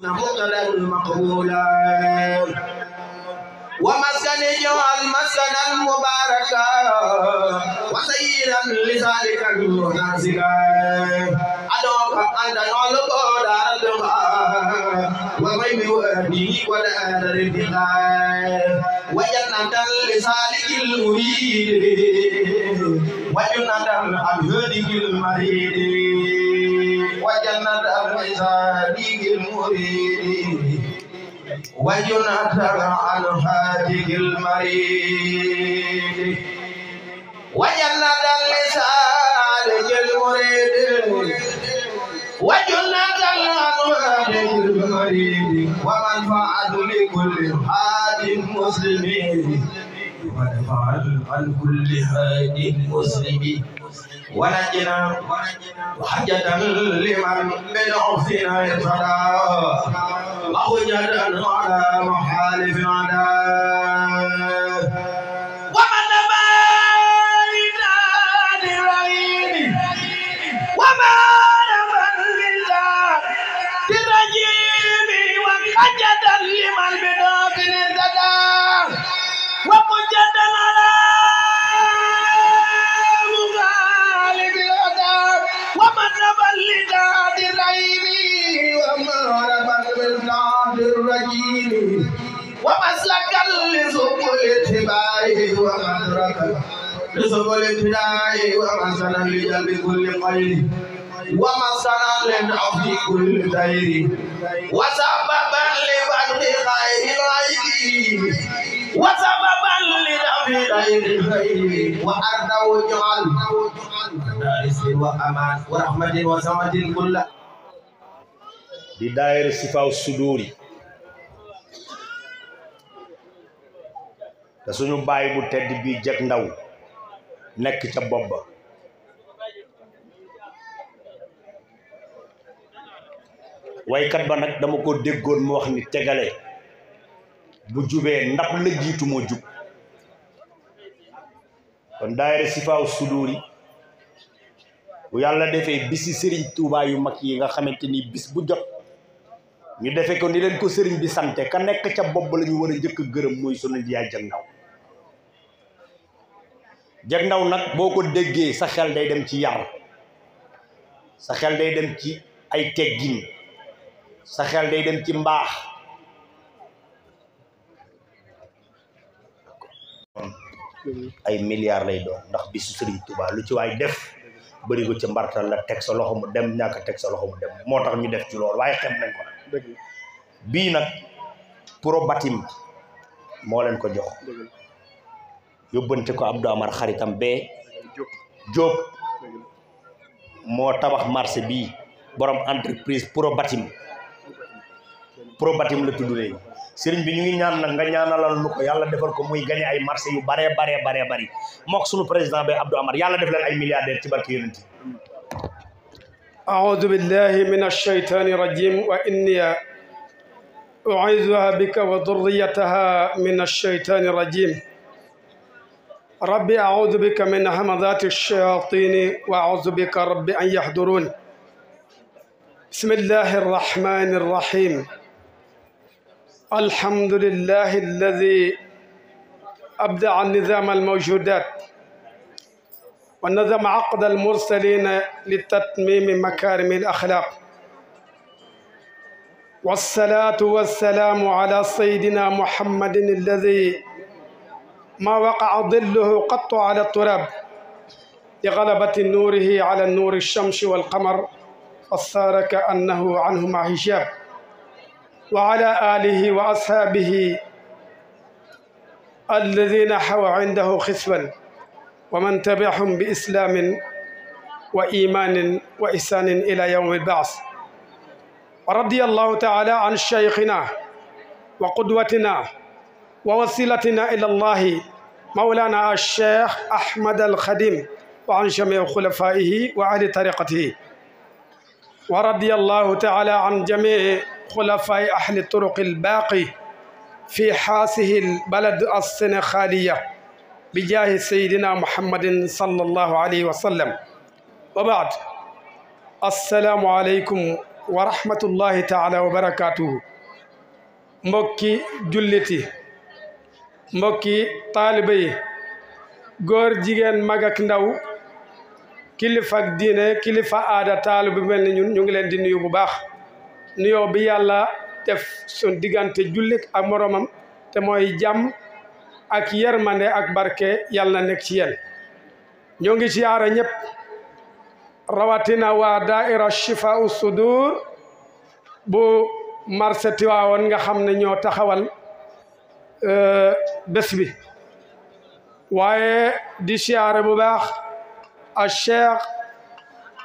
مقلا مقبولا ومسكن جوال مسكنا مباركا وسيرا لذلك المنازلا أدوك أنت نولك دارتها ومي بوأبي ودار البقاء وجنة لسالك المريد وجنة عن هدك المريد جنة عباده المريد وينتر عن هاته المريد وجنة لسالك المريد وجنة عن هاته المريد ومنفعة لكل حاج مسلم ومنفعة عن كل حاج مسلم ونجنا وحجة لمن من بنفسنا ابتدى وحجة على محالف عداء الابتداء ومسنا لجلب كل قيد ومسنا لنعف كل خير وسببا لبدء خير الغيب وسببا لنعف خير الخير وأرضه جعل دارس وأمان ورحمة وسمة كل di daayira Sifaaw Suduuri te suñu baay bu tedd bii jeg ndaw nekk ca bopp ba waykat ba nag dama ko déggoon mu wax ni tegale bu jubee ndab la jiitu moo jub kon daayira sifaaw suduuri bu yàlla defee bisi sëriñ tuubaay yu mag yi nga xamante ni bis bu jot ñu defe ko ni leen ko sëriñ bi sante ka nekk ca bopp la ñu war a njëkk gërëm mooy sunu Ndiaye Jannaw jeg ndaw nag boo ko déggee sa xel day dem ci yar sa xel day dem ci ay teggin sa xel day dem ci mbaax ay milliards lay doon ndax bisu Sëriñ Tuubaa lu ci waay def bëri ca ci mbartal la teg sa loxo mu dem ñàkk teg sa loxo mu dem moo tax ñu def ci loolu waaye xem nañ ko nag bii nag Probatim moo leen ko jox yobante ko Abdou Amar kharitam job job mo tabax marché bi borom entreprise pro batim pro batim la tudd lay serigne bi ñu ngi ñaan nak nga ñaanalal lu ko yalla defal ko muy gagné ay marché yu bare bare bare bari mok suñu président be Abdou Amar yalla def leen ay milliardaire ci barke yonent أعوذ بالله rajim, wa الرجيم وإني أعيذها بك وذريتها من الشيطان الرجيم ربي أعوذ بك من همذات الشياطين وأعوذ بك ربي أن يحضرون بسم الله الرحمن الرحيم الحمد لله الذي أبدع النظام الموجودات ونظم عقد المرسلين لتتميم مكارم الأخلاق والصلاة والسلام على سيدنا محمد الذي ما وقع ظله قط على التراب لغلبة نوره على النور الشمس والقمر فصار كأنه عنهما حجاب وعلى آله وأصحابه الذين حوى عنده خسوا ومن تبعهم بإسلام وإيمان وإحسان إلى يوم البعث رضي الله تعالى عن شيخنا وقدوتنا ووسيلتنا إلى الله مولانا الشيخ أحمد الخديم وعن جميع خلفائه وأهل طريقته ورضي الله تعالى عن جميع خلفاء أهل الطرق الباقي في حاسه البلد السنغالية بجاه سيدنا محمد صلى الله عليه وسلم وبعد السلام عليكم ورحمة الله تعالى وبركاته مكي جلتي mbokki taaliba yi góor jigéen mag ndaw kilifa ak diine kilifa aada taaliba mel ni ñun ñu ngi leen di nuyu bu baax nuyoo bi yàlla def suñ diggante jullit ak moroomam te mooy jàmm ak yermande ak barke yàlla na nekk ci yéen ñoo ngi siyaara ñëpp rawatina waa daaira Chifaa'u Sudur bu marché Tiwaawoon nga xam ne ñoo taxawal أه، بس بي واي دي شعر مباخ الشيخ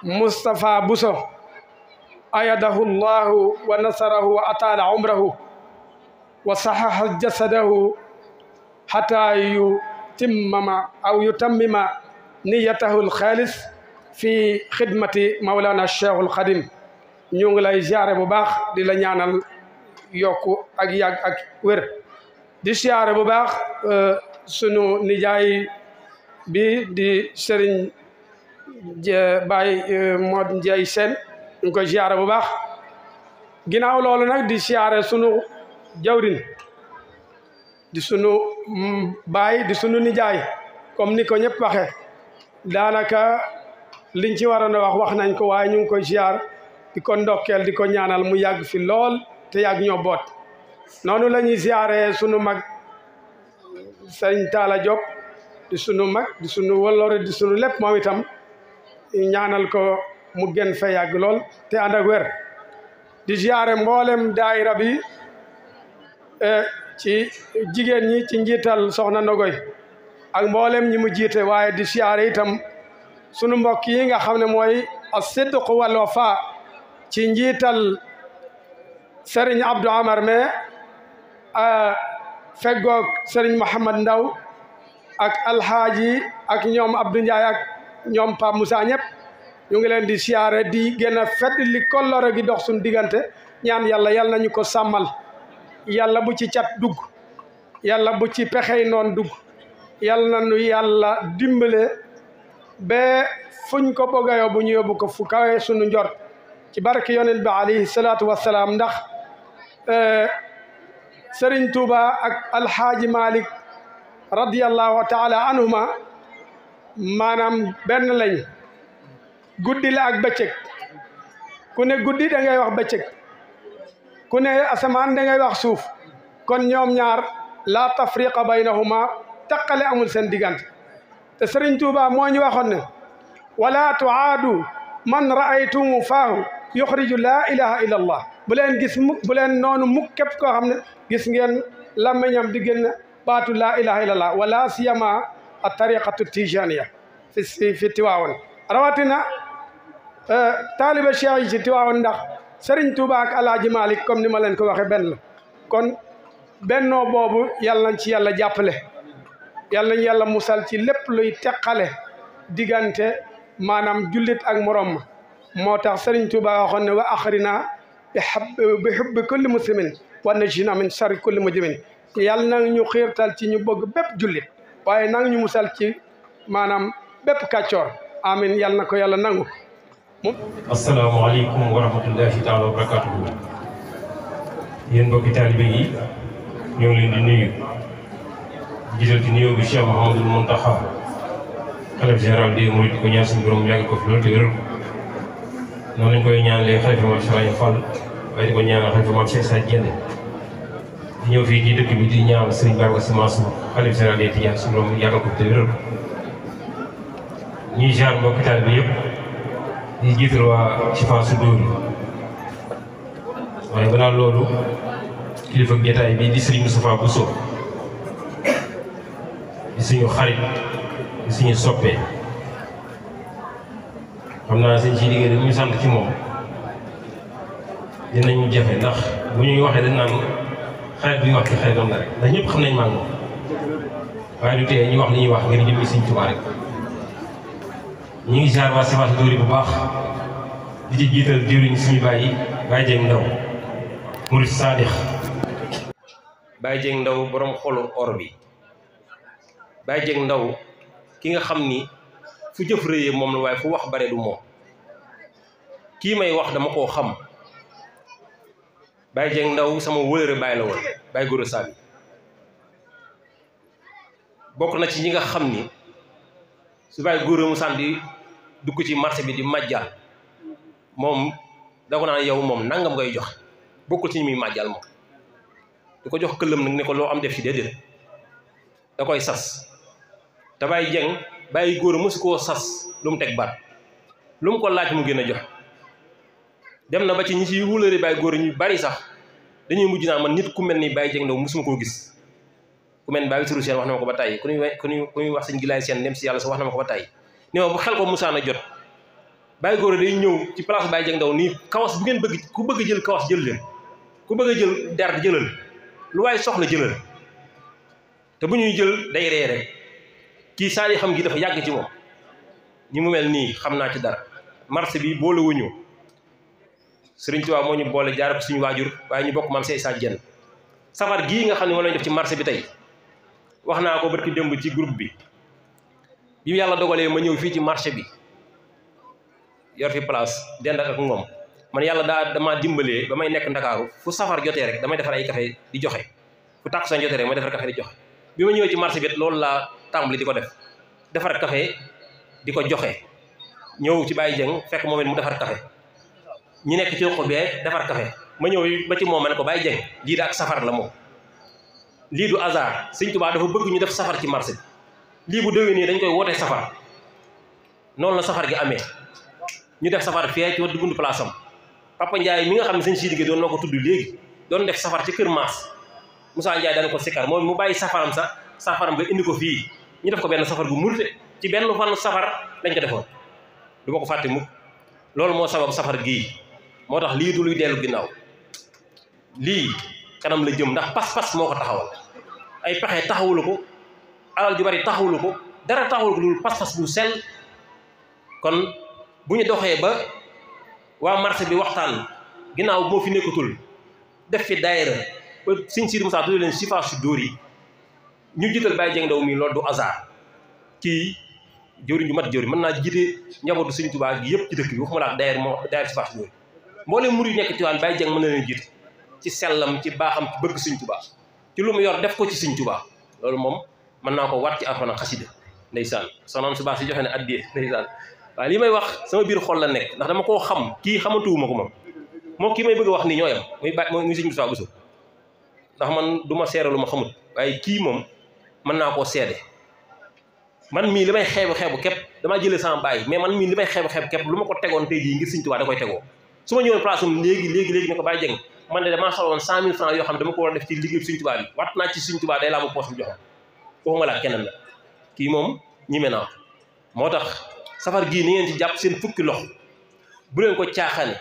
مصطفى بوسو أيده الله ونصره وأطال عمره وصحح جسده حتى يتمم أو يتمم نيته الخالص في خدمة مولانا الشيخ القديم نيونغ لاي زياره بو باخ دي يوكو اك ياك di siyaare bu baax euh, sunu nijaay bi di sëriñ baay euh, Mod Njaay Seen ñu ko siyaare bu baax ginnaaw loolu nag di siyaare sunu jawrin di sunu mm, baay di sunu nijaay comme ni ko ñëpp waxe daanaka liñ ci waroon a wax wax nañ ko waaye ñu ngi koy siyaar di ko ndokkeel di ko ñaanal mu yàgg fi lool te yàgg ñoo boot noonu la ñuy siyaare sunu mag sañ taala job di sunu mag di sunu wolloore di sunu lépp moom itam ñaanal ko mu gen fa yàgg lool te ànd ak wer di siyaare mboolem daayira bi e, ci jigéen ñi ci njiital soxna ndogoy ak mboolem ñi mu jiite waaye di siyaare itam sunu mbokk yi nga xam ne mooy asidq walwafa ci njiital sëriñ abdou amar mais feggoog Serigne Mouhamad Ndaw ak alxaaji ak ñoom Abdou Ndiaye ak ñoom Pape Moussa ñëpp ñu ngi leen di siyaare di gën a fedd li kollore gi dox suñu diggante ñaan yàlla yàlla nañu ko sàmmal yàlla bu ci cat dugg yàlla bu ci pexey noon dugg na nañu yàlla dimbale ba fuñ ko bëgg a ñu yóbbu ko fu kawe suñu njort ci barke yonent bi alayhi salaatu wassalaam ndax eh, sëriñ Touba ak alxaaji Malik radiyallahu taala anhuma maanaam benn lañ guddi la ak bëccëg ku ne guddi da ngay wax bëccëg ku ne asamaan da ngay wax suuf kon ñoom ñaar laa tafriqa baynahuma taqale amul seen diggante te sëriñ Touba moo ñu waxoon ne wala tuaadu man raaytumu faahu yuxriju laa ilaha illa allah bu leen gis mukk bu leen noonu mukk képp koo xam ne gis ngeen làmmiñam di génn baatu laa ilaha illallah wala siyama a tariqatu tijaniya fi si fi tiwaawoon rawatina euh, taaliba cheikh yi ci tiwaawoon ndax Serigne Touba ak Alaaji Malik comme ni ma leen ko waxee benn kon bennoo boobu yàlla nañ ci yàlla jàppale yàlla nañ yàlla musal ci lépp luy teqale diggante maanaam jullit ak morom ma moo tax Serigne Touba waxoon ne wa axrina بحب كل مسلمين ونجينا من شر كل مجرمين يالنا نيو خير تال تي نيو بوغ بيب جوليت واي نان نيو مسال تي مانام كاتور امين يالنا كو يالا نانغو السلام عليكم ورحمه الله تعالى وبركاته يين بوغي طالب نيو لين نيو جيتو دي نيو خلف جيرال دي موريت كو نياسن بروم ياغ noonu lañ koy ñaanalee xalifa maam Cheikh Ibra Fall waaye di ko ñaanal xalifa maam Cheikh Sadji Diène di ñëw fii ci dëkk bi di ñaanal sëriñ Babacar ko te wéral ko bi yëpp di jiital waa Chifa waaye balaa loolu kilifa jotaay bi di sëriñ Moustapha Bousso di suñu xarit di suñu soppee xam naa sëñ si liggéey dañuy sant ci moom dinañu jafe ndax bu ñuy waxee dañ naan xarit bi wax ci xaritam la rek ndax ñëpp xam nañ maa waaye du tee ñu wax li ñuy wax ngir jëmmi sëñ Tuubaa rek ñu ngi jaar waa Sefas Dóor yi bu baax di ci jiital jëriñ suñu baay yi Baye Dieng Ndaw murid saadix Baye Dieng Ndaw borom xolu or bi Baye Dieng Ndaw ki nga xam ni. fu jëf rëyee moom la waaye fu wax bare du moom kii may wax dama koo xam Baye Dieng Ndaw sama wëlëre Baye la woon Baye Gora Sabi bokk na ci ñi nga xam ni su Baye Gora mu saan di dugg ci marché bi di màjjal moom da ko naan yow moom nangam ngay jox bokkul ci ñi muy màjjal moom di ko jox këllam nag ne ko loo am def ci déedéet da koy sas te Baye Dieng bàyyi góor mosu koo sas lu mu teg baat lu mu ko laaj mu gën a jox dem na ba ci ñi ci wóolari bàyyi góor ñu bari sax dañuy mujj naa man nit ku mel ni Baye Dieng Ndao mosuma koo gis ku mel ni Baye Witirou Sène wax na ma ko ba tàyyi ku ñuy ku ñuy ku ñuy wax sëñ Gilaay seen dem si yàlla sax wax na ma ko ba tàyyi ne ma bu xel ko Moussa jot bàyyi Góor day ñëw ci place Baye Dieng Ndao nii kawas bu ngeen bëgg ku bëgg jël kawas jël leen ku bëgg a jël dara jëlal lu waaye soxla jëlal te bu ñuy jël day ree ki sali xam gi dafa yag ci mom ñi mu mel ni xamna ci dara marché bi boolewuñu Sëriñ Tuubaa moo ñu boole jaar ko suñu wajur waaye ñu bokk maam sey sa jenn safar gi nga xamni ne moom def ci marché bi tay waxna ko barki demb ci groupe bi bi yalla dogalee ma ñew fi ci marché bi yor fi place dend ak ngom man yalla da dama dimbalé bamay nek dakaru fu safar joté rek damay defal ay café di joxé fu taxo joté rek ma defal café di joxé bima ñew ci marché bi lool la tàmbali di ko def defar café di ko joxe ñëw ci Baye Dieng fekk moom mu defar café ñu nekk ci ruq be defar café ma ñëw ba ci moom ma ne ko Baye Dieng lii da ak safar la moom lii du hasard Sëñ Tuubaa dafa bëgg ñu def safar ci marché bi lii bu nii dañ koy woote safar noonu la safar gi amee ñu def safar fee ci wàllu dugub place am Papa Ndiaye mi nga xam ne sëñ Siidi gi doon na ko tudd léegi doon def safar ci kër Maas Moussa Ndiaye daan ko sikkar moom mu bàyyi safaram sax safaram ba indi ko fii ñu def ko benn safar bu murte ci benn fan safar lañ ko defoon du ma ko fàtte mukk loolu moo sabab safar gii moo tax lii du luy dellu ginnaaw lii kanam la jëm ndax pas-pas moo ko taxawal ay pexe taxawulu ko alal ju bari taxawulu ko dara taxawul ko pas-pas bu sel kon bu ñu doxee ba waa marché bi waxtaan ginnaaw moo fi nekkatul def fi daayira ba sëñ Moussa sifa su ñu jiital Baye Dieng Ndao mii loolu du hasard kii jëwriñ ju mat jëwriñ mën naa jiite njabootu Sëriñ Tuubaa gi yëpp ci dëkk bi waxuma la ak daayir moo daayir si faax jooyu mbooleem murid yi nekk Tiwaawan Baye mën na leen jiite ci sellam ci baaxam ci bëgg Sëriñ Tuubaa ci lu mu yor def ko ci Sëriñ Tuubaa loolu moom mën naa ko wat ci alxuraan xasida ndeysaan soxnaam su baax si joxe ne addiyee ndeysaan waaye li may wax sama biir xol la nekk ndax dama koo xam kii xamantuwuma ko moom moo kii may bëgg a wax nii ñooyam muy ba muy sëñ Moussa Bousso ndax man du ma seere lu ma xamut waaye ki moom mën naa koo seede man mii li may xeebu xeebu képp damaa jëlee sama bàyyi mais man mii li may xeebu xeebu képp lu ma ko tegoon tey jii ngir Sëñ Tuubaa da koy tegoo su ma ñëwoon place am léegi léegi léegi ne ko bàyyi man de damaa soxla woon cent mille francs yoo xam ne dama ko war a def ci liggéey Sëñ Tuubaa bi wat naa ci Sëñ Tuubaa day laa bu poos bi joxoon waxuma laa keneen la kii moom ñime naa moo tax safar gii ni ngeen ci jàpp seen fukki loxo bu leen ko caaxaane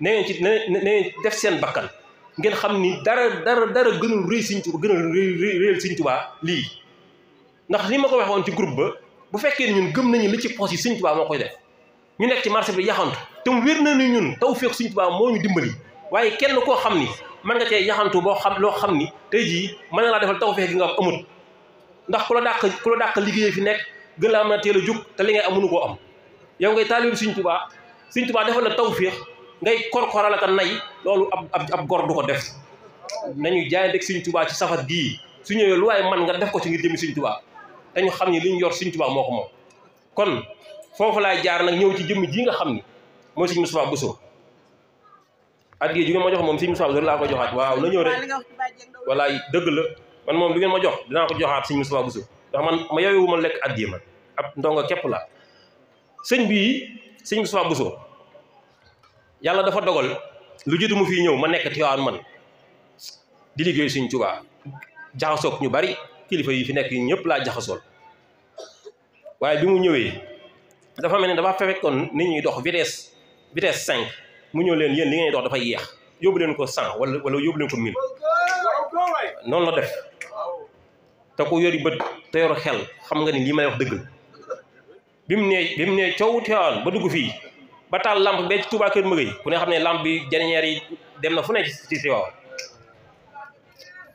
na ngeen def seen bakkan ngeen xam ni dara dara dara gënul rëy Sëriñ Tuubaa gënul rëy rëyal Sëriñ Tuubaa lii ndax li ma ko waxoon ci groupe ba bu fekkee ñun gëm nañu li ci poos yi Sëriñ Tuubaa moo koy def ñu nekk ci marché bi yaxantu te mu wér na ni ñun tawfeex Sëriñ Tuubaa moo ñu dimbali waaye kenn koo xam ni mën nga cee yaxantu boo xam loo xam ni tey jii mën na laa defal tawfeex gi nga am amut ndax ku la dàq ku liggéey fi nekk gën laa am a teel a jug te li ngay amunu koo am yow ngay taalibe Sëriñ Tuubaa Sëriñ Tuubaa defal la tawfeex ngay korkoral ak a nay loolu ab ab ab gor du ko def nañu jaay deg Sëñ Tuubaa ci safar gii su ñëwee lu waaye man nga def ko ci ngir jëmi Sëñ Tuubaa dañu xam ni li ñu yor Sëñ moo ko moom kon foofu laay jaar nag ñëw ci jëmm jii nga xam ni mooy Sëñ Moustapha Bousso at yii ju ma jox moom Sëñ laa ko joxaat waaw na ñëw rek wallaay dëgg la man moom lu ngeen ma jox dinaa ko joxaat Sëñ Moustapha Bousso man ma yooyu wu ma lekk at yii man ab ndongo képp la sëñ bii Sëñ Moustapha Bousso yàlla dafa dogal lu jiitu fi ñëw ma nekk Tiwaawan man di liggéey Sëñ Tuubaa jaxasoog ñu bari kilifa yi fi nekk yi ñëpp laa jaxasool waaye bi mu ñëwee dafa mel ni dafa fekkoon ni ñuy dox vitesse vitesse cinq mu ñëw leen yéen li ngeen dox dafa yeex yóbbu leen ko cent wala wala yóbbu leen ko mille noonu la def te ku yori bët te yor xel xam nga ni lii may wax dëgg bi mu nee bi mu nee coow Tiwaawan ba dugg fii ba taal lampe bee ci Touba Kër Mëgëy ku ne xam ne lampe bi janeñeer yi dem na fu ne ci si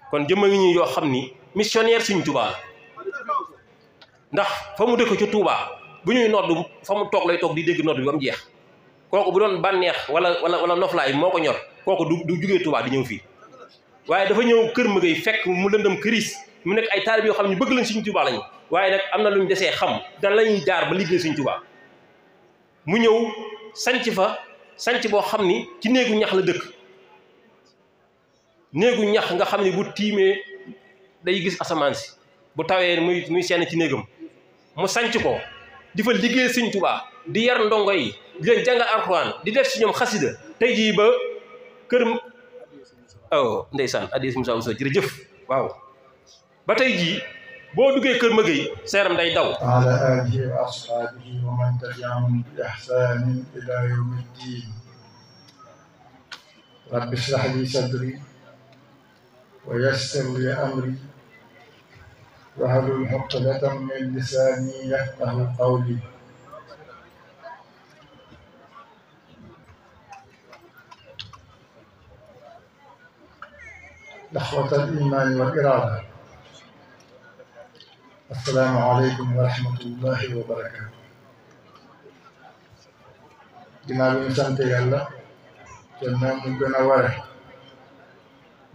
kon jëmma ngi ñu yoo xam ni missionnaire suñ Touba ndax fa mu dëkk ci tuubaa bu ñuy noddu fa mu toog lay toog di dégg nodd bi ba mu jeex kooku bu doon bànneex wala wala wala noflaay moo ko ñor kooku du du jugee Touba di ñëw fii waaye dafa ñëw Kër Mëgëy fekk mu lëndëm këris mu nekk ay taalib yoo xam ne bëgg lañ suñ Touba lañu waaye nag am na lu ñu desee xam dan la ñuy jaar ba liggéey suñ Touba sanc fa sanc boo xam ni ci néegu ñax la dëkk néegu ñax nga xam ni bu tiimee day gis asamaan si bu tawee muy muy seen ci néegam mu sanc ko di fa liggéey sëñ Tuubaa di yar ndongo yi di leen di def si ñoom xasida tey jii ba kër aw ndeysaan addi si Moussa Moussa jëf waaw ba tey jii boo duggee kër mëgëy seeram day daw ala alihi wa ashabihi wa man tabi'ahum bi ihsanin ila yawmi ddin rabbi shrah li sadri wa yassir li amri wahlul uqdatan min lisani yafqahu qawli إخوة الإيمان والإرادة السلام عليكم ورحمة الله وبركاته جناب إنسان تيالا جنان مدن وره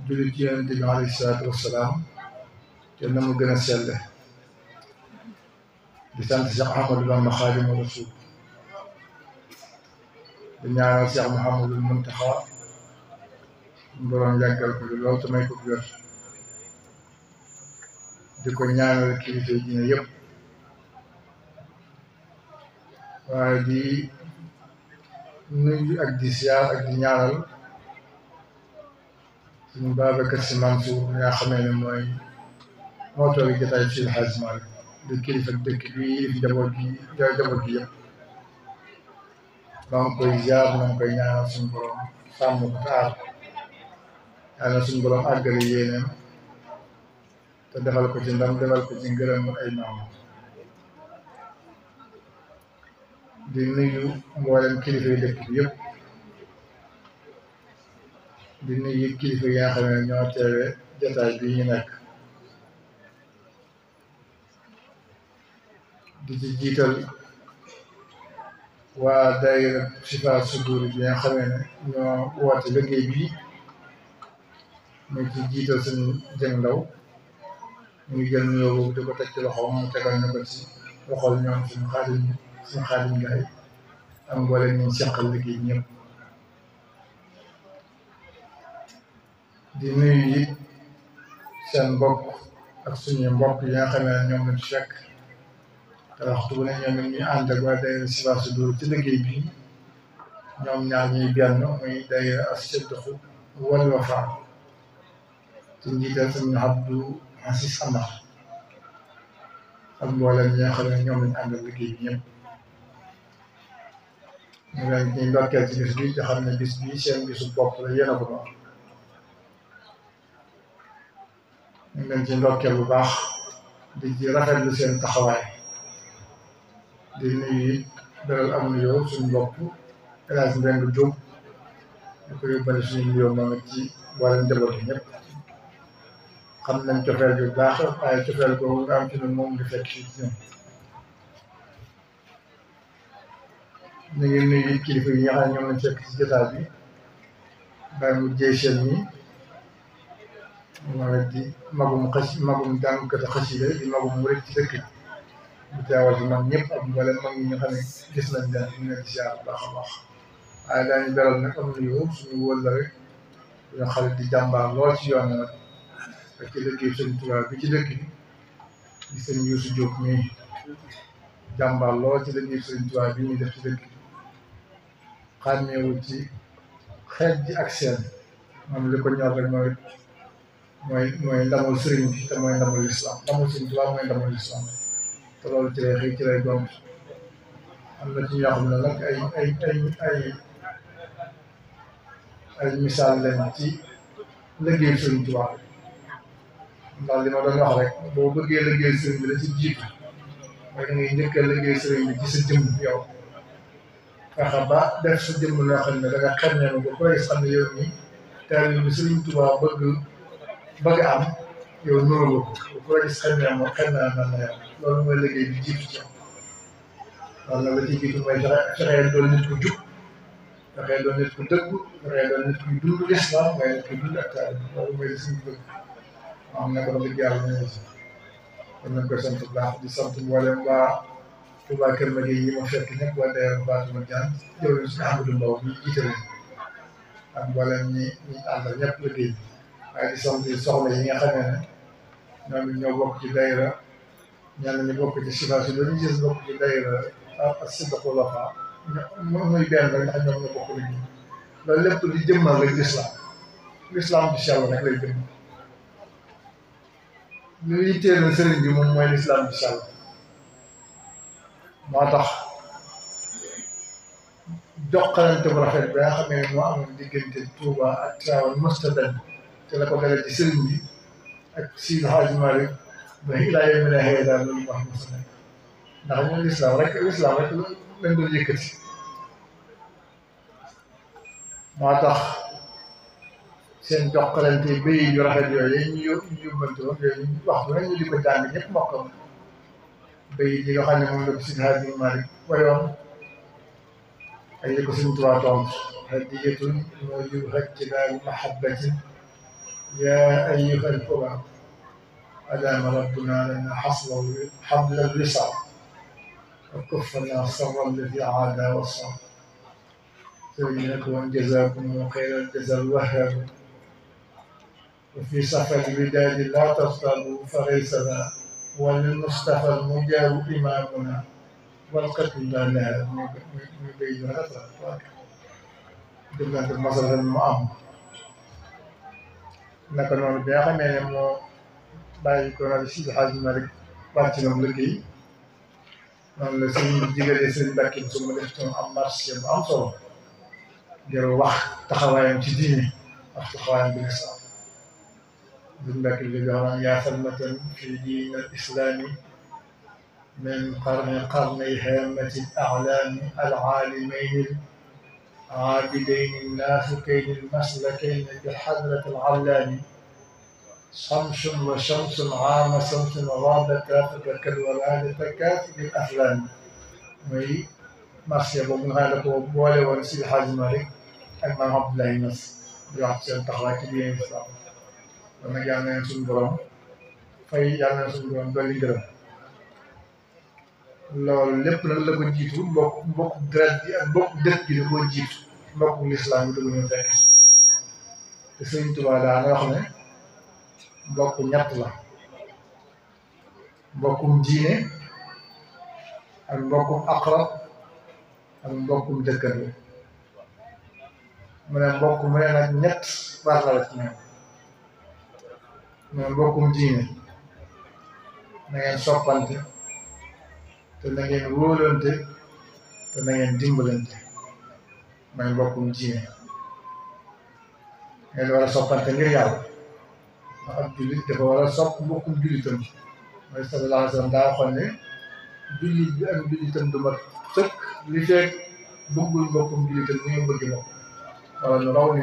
جلتين دي عليه الصلاة والسلام جنان مدن سيالا لسان تسيح محمد بن مخادم الرسول بنيانا سيح محمد المنتخى مبرم جاكل كل الوقت ما يكون di ko ñaanal kilifa diine waaye di nuyu ak di siyaar ak di ñaanal suñu Babacar Sy Mansour mi nga xamee ne mooy moo toog jotaay ci El Hadj Malick di kilifa dëkk bi yilif jaboot gi jaboot gi yëpp maa koy ziar maa koy ñaanal suñu borom sàmm ko taar yàlla suñu borom àggale yéeneem te defal ko ci ndam defal ko ci ngërëm ay maam di nuyu mboolem kilifa yi dëkk bi yëpp di nuyu kilifa yi nga xam ne ñoo teewe jataay bi ñu nekk di ci jiital waa daayira Chifa Sudur bi nga xam ne ñoo woote liggéey bi ñu ci jiital suñu jëm ndaw ñu jël nuyoo boobu di ko teg ci loxo mu tegal na ko ci loxol ñoom suñu xaadim suñu xaadim gaay am boole ñu seqal liggéey ñëpp di nuyu seen mbokk ak suñu mbokk yi nga xam ne ñoom lañ fekk te waxtu bu ne ñoom it ñu ànd ak waa daayira Sifaa Suduur ci liggéey bi ñoom ñaar ñi benn muy daayira as-sidq wal wafaa ci njiital suñu Abdu ainsi sama ak mboolem ñi nga xam ne ñoom lañ àndal liggéey bi ñëpp ñu leen di ndokkeel ci bis bi xam ne bis bii seen bisu bopp la yéen a ko doon ñu leen ci ndokkeel bu baax di ji rafetlu seen taxawaay di nuyu it dalal am nuyoo suñu bopp El Hadj Mbengue Diop di ko yóbbale suñu nuyoo moom it ci wàllum njaboot yi ñëpp. xam nañ cofeel yu baax waaye cofeel boobu nga am ci ñun moom ngi fekk si ñun ñu ngi nuyu kilifa yi nga xam ne ñoom lañ fekk si bi bàyyi mu jeesel mi wala di magum xas magum jàngkata xasida di magum mu rek ci dëkk bu teewal si man ñëpp ak mboolem mag ñi nga gis nañ leen ñu ne di siyaar a baax waaye daañu beral nag am na yow suñu wóor rek yoo xam ne lool ci yoon ak ci liggéey sëñ bi ci dëkk bi di sëñ Yuusu Jóob mi jàmbaar lool ci liggéey sëñ bi ñuy def ci dëkk bi xàmmeewul ci xeet ji ak seen moom li ko ñor rek mooy mooy mooy ndamul sëriñ bi te mooy ndamul mooy ndamul lislaam loolu ci lay ci lay am na ci ñoo xam ne nag ay ay ci liggéey sëriñ Tuubaa ndax li ma boo bëggee liggéey sëriñ bi la ci jiitu mooy da ngay njëkk a liggéey sëriñ bi yow fexe def sa loo xam ne da nga xam ne ba koy xam ne yow nii teel bi sëriñ Tuubaa bëgg bëgg am yow nuru ko bu koy xam ne moom xam naa nan la yow loolu mooy liggéey bi jiitu ma xam ne ko dëgg yàlla ñu ngi si kon nañ koy sant bu baax di sant mboolem waa Touba Kër Maguette yi ma fekk ñëpp waa DRD Fatima Diagne yow ñu suñu Amadou Mbow ñu jiite leen ak mboolem ñi ñi àndal ñëpp liggéey waaye di sant soxla yi nga xamee ne ñoom it ñoo bokk ci dayra ñenn ñi bokk ci Chifa si dañuy gis bokk ci dayra ak ak si bopp Lofa ñoom muy benn rek ndax ñoom ñoo bokk liggéey loolu lépp di jëmmal rek l'islam l'islam bi si yàlla rek lay jëmmal. lu yitteelu sëriñ bi moom mooy lislaam bi sell moo tax jokkalante bu rafet bi nga xam ne moo amoon diggante Touba ak Tiwaawan mësta benn te la ko dalee ci sëriñ bi ak Sidi Hadj Malick ba ilaa yow mi lay xëy daal loolu wax mësta nekk ndax moom lislaam rek lislaam rek lañ doon yëkkati moo tax seen jokkalante bay yu rafet yooyu ñu yóbbante woon yooyu waxtu nañu di ko jàng ñëpp mokk bay yi nga xam ne moom la Seydi Hadji Malick wayoon ak li ko suñ tubaab tontu hadiyatun mawjuhatuna bi mahabbatin ya ayyuha al-fuqara adama rabbuna lana haslan habla al-wisal wa kuffana sarra alladi aada wasal sëriñ nag woon jazaakum xayra jazaa wahab وفي سفر الوداد لا تصدروا فليس ذا وللمصطفى المجاب إمامنا والقدم لنا نبيل هذا بالله المصدر المؤمن نكون من بيها من يمو باي كون على سيد حاج الملك باتي نوم لكي نوم لسين جيغل يسين باكي نسوم لفتون عمار سيام عمصو جيرو وقت تخوايم تديني وقت تخوايم بالإسلام بالباك يا ثمة في الدين الإسلامي من قرن قرني هامة الأعلام العالمين العابدين النافقين المسلكين بحضرة العلام شمس وشمس عام شمس غابة كافتك الولادة كافت الأفلام وي مرسي أبو من هذا هو بوالي ونسي الحاج مالك أكبر عبد الله ينصر بيعطي أن تخلاك بيه kon nag yàlla na leen suñu borom fay yàlla na leen suñu borom dolli ngërëm loolu lépp nag la ko jiitu mbokk mbokk deret bi ak mbokk dëkk bi da koo jiitu lislaam bi da ko ñëw fekk te sëñ Tuubaa daa na ne mbokk ñett la mbokkum diine ak mbokkum aqrab ak mbokkum dëkkandoo mu ne mbokk mu ne ñett war la ci ñoom mais mbokkum diine na ngeen soppante te na ngeen te na ngeen dimbalante may mbokkum diine ngeen war a soppante ngir yàlla ndax ab jullit dafa war a sopp mbokkum jullitam mooy sallallahu alayhi sallam daa xam ne du mat sëkk li feeg bëggul mbokkum jullitam ni wala ñu raw ni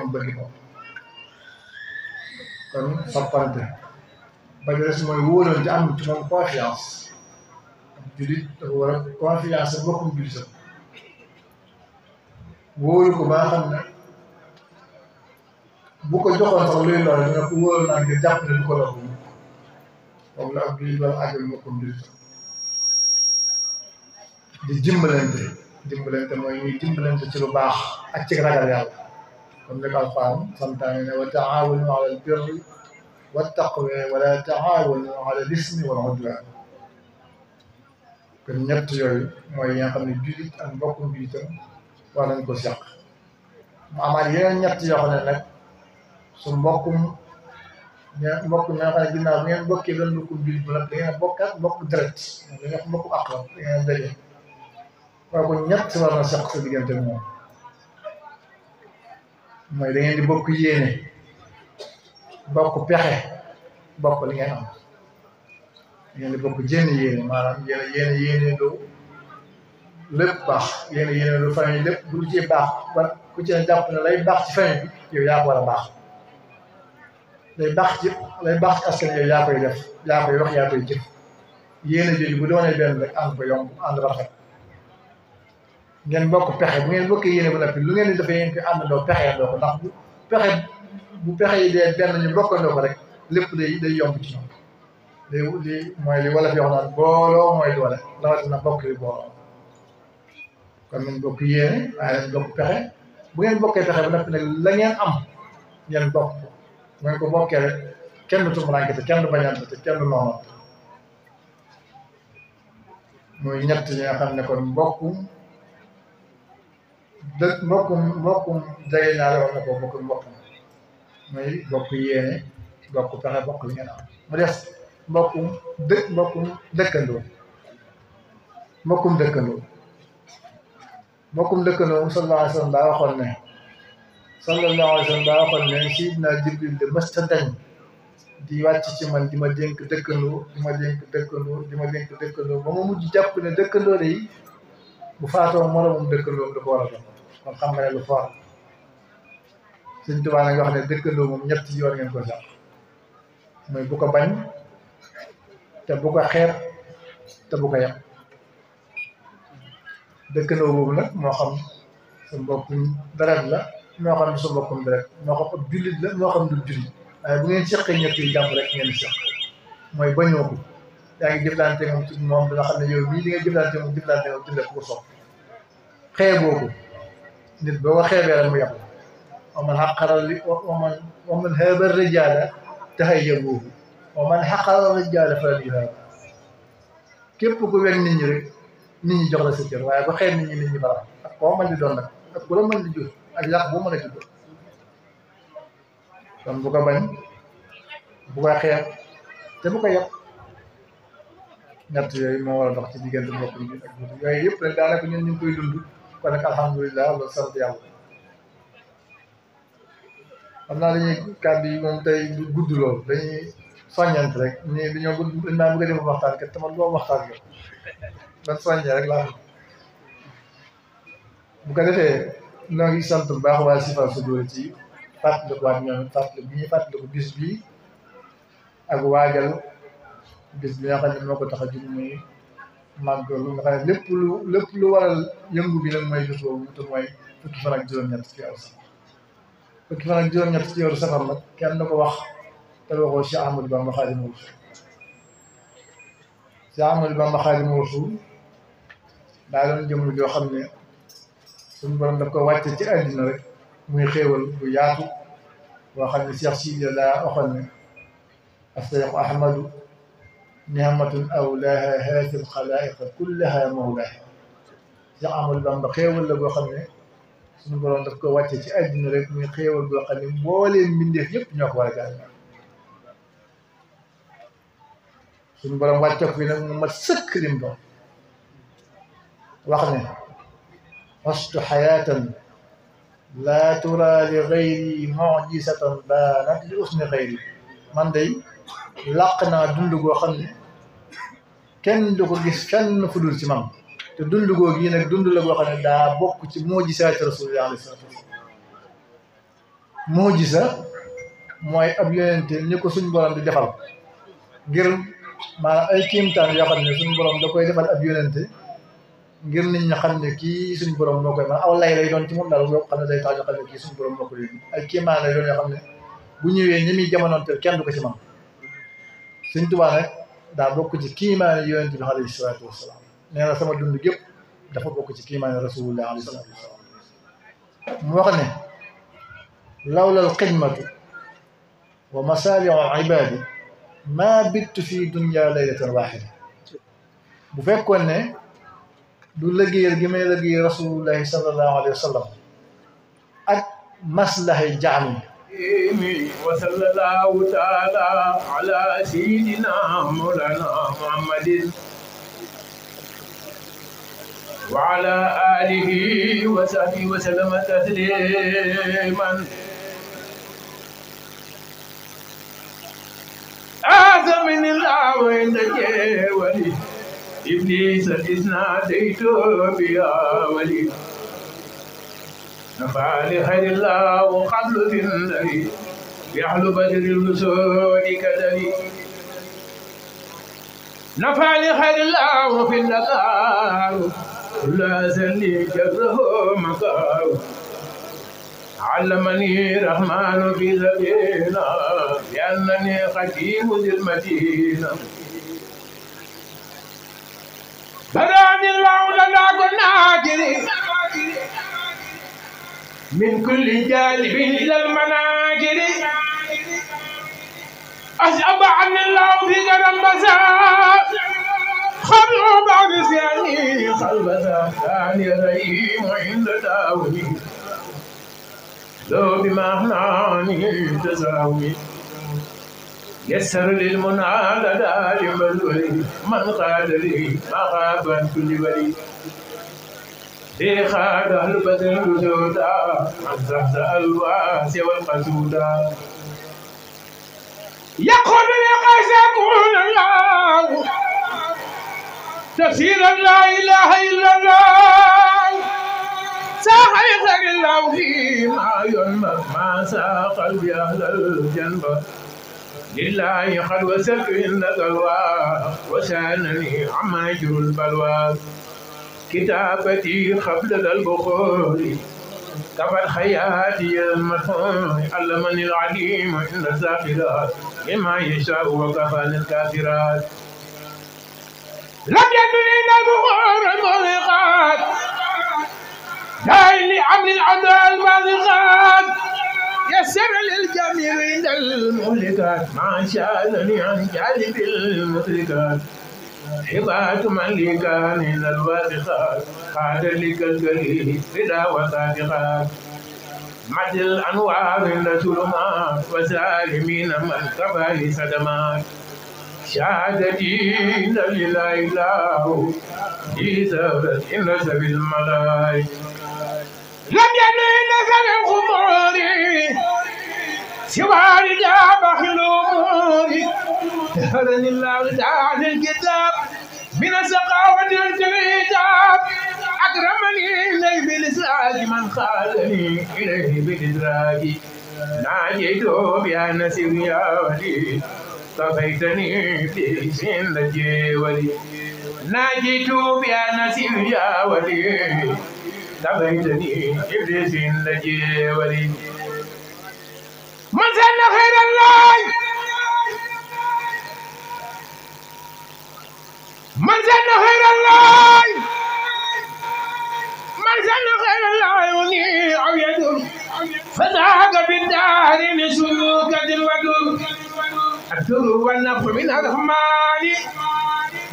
kon soppante ba ñu des mooy wóolante am ci moom confiance jullit dafa war a confiance sa mbokkum jullitam wóolu ko ba xam ne bu ko joxoon sax luy lor dina ko wóor naa nga jàpp ne du ko lor moom la ak jullit ba àggal di dimbalante dimbalante mooy ñuy dimbalante ci lu baax ak ci ragal yàlla from the Gulf Farm, sometimes وَتَعَاوِنُوا عَلَى الْبِرِّ وَالتَّقْوِي وَلَا تَعَاوِنُوا عَلَى الْإِسْمِ وَالْعُدْوَانِ كن نبت جوي موي يان خامني جوليت اك بوكو جوليت وانا نكو سياق ما ما يان نيات يو خنا نك سو مبوكم مبوك نا خا جينا نين بوكي لن نكو جوليت بلا دا ين بوك اك بوك دريت دا ين بوك اك لا دا ين وا كو نيات وانا سياق سو ديانت مو moy da ngeen di bokk yéene bokk pexe bokk li ngeen am da ngeen di bokk jënn yéene maanaam yéen yéene yéene lu lépp baax yéene yéene lu famille lépp bu ci baax ba ku ci ne jàpp ne lay baax ci famille bi yow yaa ko war a baax lay baax ci lay baax ci askan yow yaa koy def yaa koy wax yaa koy jëf yéene jooju bu doonee benn rek ànd ba yomb ànd rafet ngeen bokk pexe bu ngeen bokkee yéene ba noppi lu ngeen di defee yéen na doo pexe doo ko ndax bu pexe bu pexe yi dee benn ñu bokkandoo ko rek lépp day day yomb ci ñoom day li mooy li wala fi wax naan booloo mooy doole rawatina bokk yi booloo kon nañ bokk yéene waaye nañ pexe bu ngeen bokkee pexe ba noppi la ngeen am ngeen bokk bu ngeen bokkee rek kenn du tumuraanke te kenn du bañante te kenn du noonante muy ñett ñi nga xam ne kon mbokkum dë mbokkum mbokkum jege ñaale wax na ko mbokkum mbokk na muy bokk yéene bokk pexe bokk li ngeen am mu des mbokkum dë mbokkum dëkkandoo mbokkum dëkkandoo mbokkum dëkkandoo mu sallallahu alayhi wa sallam daa waxoon ne sallallahu alayhi wa sallam daa waxoon ne Sidna Jibril de mës ta dañ di wàcc ci man di ma dénk dëkkandoo di ma dénk dëkkandoo di ma dénk dëkkandoo ba ma mujj jàpp ne dëkkandoo de yi bu faatoo moroomum dëkkandoom da ko war a kon xam nga ne lu foor Sëñ Tuubaa nag wax ne dëkkandoo moom ñetti yoon ngeen ko sax mooy bu ko bañ te bu ko xeeb te bu ko yàq dëkkandoo boobu moo xam sa mbokkum deret la moo xam sa mbokkum deret moo jullit la moo xam du jullit waaye bu ngeen seqee ñett yi rek ngeen seq mooy bañoo ko yaa ngi jëflante moom ci moom da nga xam ne yow mii li nga jëflante moom jëflante moom ci la ko sopp xeeboo ko nit boo ko xeebee rek mu yàqu wa man xaqaral li wa man wa man xeeba rijaala tahayyabuuhu wa man xaqaral rijaala falan yuhaabu képp ku weg nit ñi rek nit ñi jox la sa cër waaye ba xeeb nit ñi nit ñi bara ak koo mën di doon nag ak ku la mën di jur ak yàq boo mën a juddoo kon bu ko bañ bu ko xeeb te bu ko yàq ñett yooyu moo war a dox ci diggante mbokk yi ak mbokk yooyu yëpp rek daanaka ñun ñu ngi koy dund kon nag alhamdulilah loolu sant yàlla xam naa dañuy kàddu yi moom tey du gudd lool dañuy soññant rek ñi dañoo gudd dañ naa bëgg a def waxtaan kat tamat boo waxtaan kat man soññee rek laa bu ko defee noo ngi sant bu baax waa Sifal sa dóor ci fàttaliku waat ñoom fàttaliku bi fàttaliku bis bii ak bis bi nga moo ko tax a jug muy màgg lu nga xam ne lépp lu lépp waral yëngu bi nag mooy bis boobu te mooy fukki fan juróom-ñett ci weeru safar fukki juróom-ñett ci weeru safar nag kenn du ko wax te waxoo Cheikh Ahmadou Bamba Xaadimu Rasuul Cheikh Ahmadou Bamba Xaadimu Rasuul daa doon jëmm joo xam ne suñu borom daf ko wàcce ci àddina rek muy xéewal bu yaatu boo xam ne Cheikh Sidi la waxoon ne Aseyxu Ahmadu نعمة أولاها هذه الخلائق كلها مولاها زعم البن بخير ولا بخمة نقول عند القوات تأذن ريك من خير ولا بخمة بولي من دي فيك نقوى قالنا سنبرا واتك فينا ممسك لنبا وقنا عشت حياة لا ترى لغيري معجزة بانت لأسن غيري من دي؟ làq naa dund goo xam ne kenn du ko gis fenn fu dul ci man te dund goo gi nag dund la goo xam ne daa bokk ci moo gisaati rasulullah alayhi salaatu moo gisa mooy ab yonente ni ko suñ borom di defal ngir maanaam ay kiimtaan yoo xam ne suñ borom da koy defal ab yonente ngir nit ñi xam ne kii suñ borom moo koy man aw lay lay doon ci moom daal yoo xam ne day tax ñu xam ne kii suñ borom moo koy ay kiimaan lay doon yoo xam ne bu ñëwee ñi muy jamonoon te kenn du ko ci man sëñ Tuubaa nag daa bokk ci kiimaane yonent bi alayhi salaatu wasalaam nee na sama dund gépp dafa bokk ci kiimaane rasulullah alayhi salaatu wasalaam mu wax ne lawla al xidmatu wa masaaliu al ibaadi maa bittu fii dunya laylatan waaxida bu fekkoon ne du liggéeyal gi may liggéey rasulullahi sallallahu alayhi wa sallam ak maslahay jaam yi الكريم وصلى الله تعالى على سيدنا مولانا محمد وعلى آله وصحبه وسلم تسليما هذا من الأعوان ولي إبليس الإسناد ديتو بيا نفع لخير الله قبل في النبي يحل بدر الوسود كدري نفع لخير الله في النقار كل زلي جره مقار علمني الرحمن في سبيلا لأنني قديم ذي المدينة بدأني الله لنا كنا من كل جانب إلى المناجل اجاب عن الله في قدم بساء خلوا بعد سياني خلوا ثاني ريم عند داوي لو بما هناني تزاوي يسر للمنال دار من قادري ما غاب كل ولي في خاد أهل بدر وجودا الزهزة الواس والقسودا يقول القسمون الله تفسيرا لا إله إلا الله صحيح الله ما يلمس ما ساق قلبي أهل الجنب لله قد وسلت إن القلوى وسألني عما يجر البلوى كتابتي قبل البخور كبر حياتي المثور علمني العليم إن الذاكرات بما يشاء وكفى الكافرات لم يدني البخور المغلقات داعي لعمل العداء المغلقات يسر للجميع عند المهلكات ما شانني عن جانب المهلكات حطاعة من لي كان إلى الواثقات قاد لك الكريم رضا وصادقات مد الأنوار إلى الظلمات وسالمين من قبل صدمات شهادتي لا إله إلا هو جيزة إن سبيل الملاي لم يلي نزل الخمور سوى رجاب خلومور هذا الله تعالى الكتاب من الزقاوة الجليدة أكرمني إلي بالإزراج من خالني إليه بالإزراج ناجيت بها نسير يا ولي كفيتني في سنة ولي ناجيت بها نسير يا ولي كفيتني في سنة ولي من سن خير الله من زن غير الله من غير الله يضيع يده فذاك بالدار لسلوكة الودود الدر والنفع من الرحمن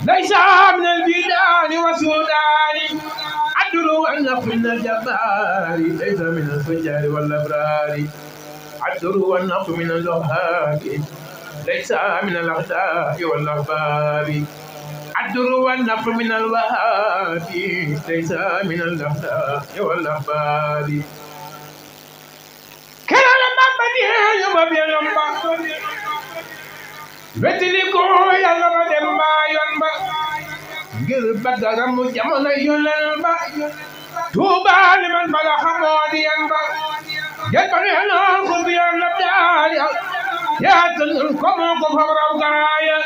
ليس من البلدان والسودان الدر والنفع من الجبار ليس من الفجار والابرار الدر والنفع من اللهاك ليس من الاغتاب والاغباب العدل والنقل من الوهاب ليس من الأهداء والأخبار كلا لما بدي يوم بيلما وتلكو يا بدم ما ينبا غير بدر مجمنا يلما توبى لمن بلغ موديا يبغي الأرض بيان لبدالي يا تلكم كفر القرايا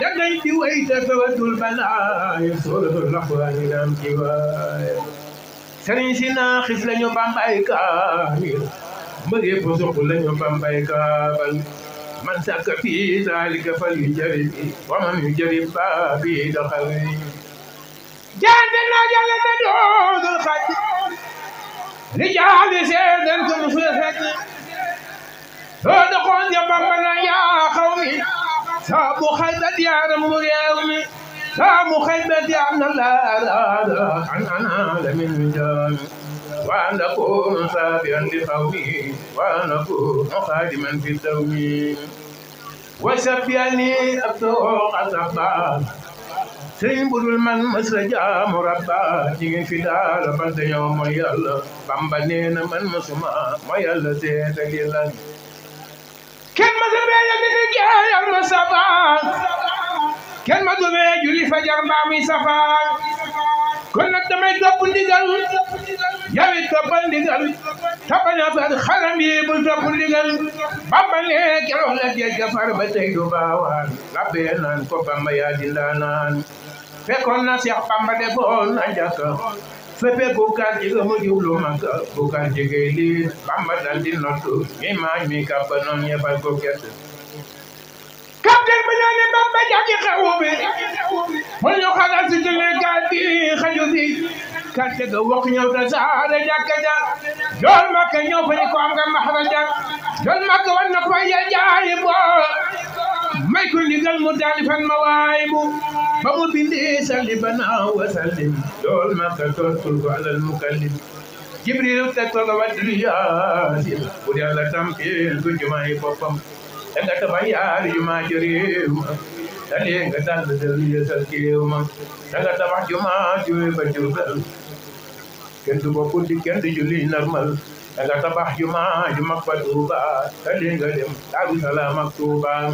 دقيت ويت فوت البلايا صلب الاخوان نام جوايا سرين سنا خف لن يبام بايكا مغي فسوق لن يبام بايكا من سك في ذلك فليجرب ومن يجرب بابي دخل جادنا جلد دود الخد رجال سيدنا كل ودخل يا بابنا يا قومي سابو خيبت يا رب يومي سابو خيبت يا عبد الله عن عالم الوجدان وأن أكون سابيا لقومي وأن أكون خادما في الدوم وسبيني أبتوق أصحاب sëriñ budul man mës la jaamu rabba jigéen fi daal ban dañoo mooy yàlla bamba nee na man mësuma mooy yàlla seeta lii lan kenn ma su bee yëg ma safaan kenn ma su bee fajar mbaa muy safaan kon nag damay topp ndigal yow it toppal ndigal toppal na yi bul topp ndigal Bamba ne keroog la géej ga far ba tey baawaan la bee naan ko yaa di ndaanaan fekkoon na Seex Bamba de boon na njaka fepe Bukar jege mu jublu Makka Bukar jege lii Bamba dal di nottu mi maañ mi ka noon yebal ko gerte capitaine bi ñoo ne Bamba jàkki xewu bi mu ñu xalaat si jëlee gaal bi jool Makka ñëw fa ni ko am nga jool Makka war na ko ya jaay may ko ndigal mu fan ma waay bu ba mu bindee salli banaa wa sallim lool ma ka dootul ko alal mukallim jibril te tolo waddu yaasi bur yàlla tampil ko jumaay boppam da nga tabax yaar jumaa jo réew ma da lee nga dàll dal yeesal kéew ma da nga tabax jumaa juwe ba jurbel kenn du bokkul di kenn du julli normal da nga tabax jumaa ju mag ba Tuuba da lee nga dem Daaru Salaam ak Tuuba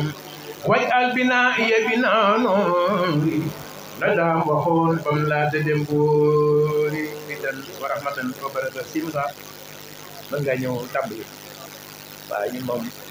ويقال بنائي بنان لدى وخون فم لا تدمبور بدن ورحمة وبركة سيمسا من غنيو تابلي باي مم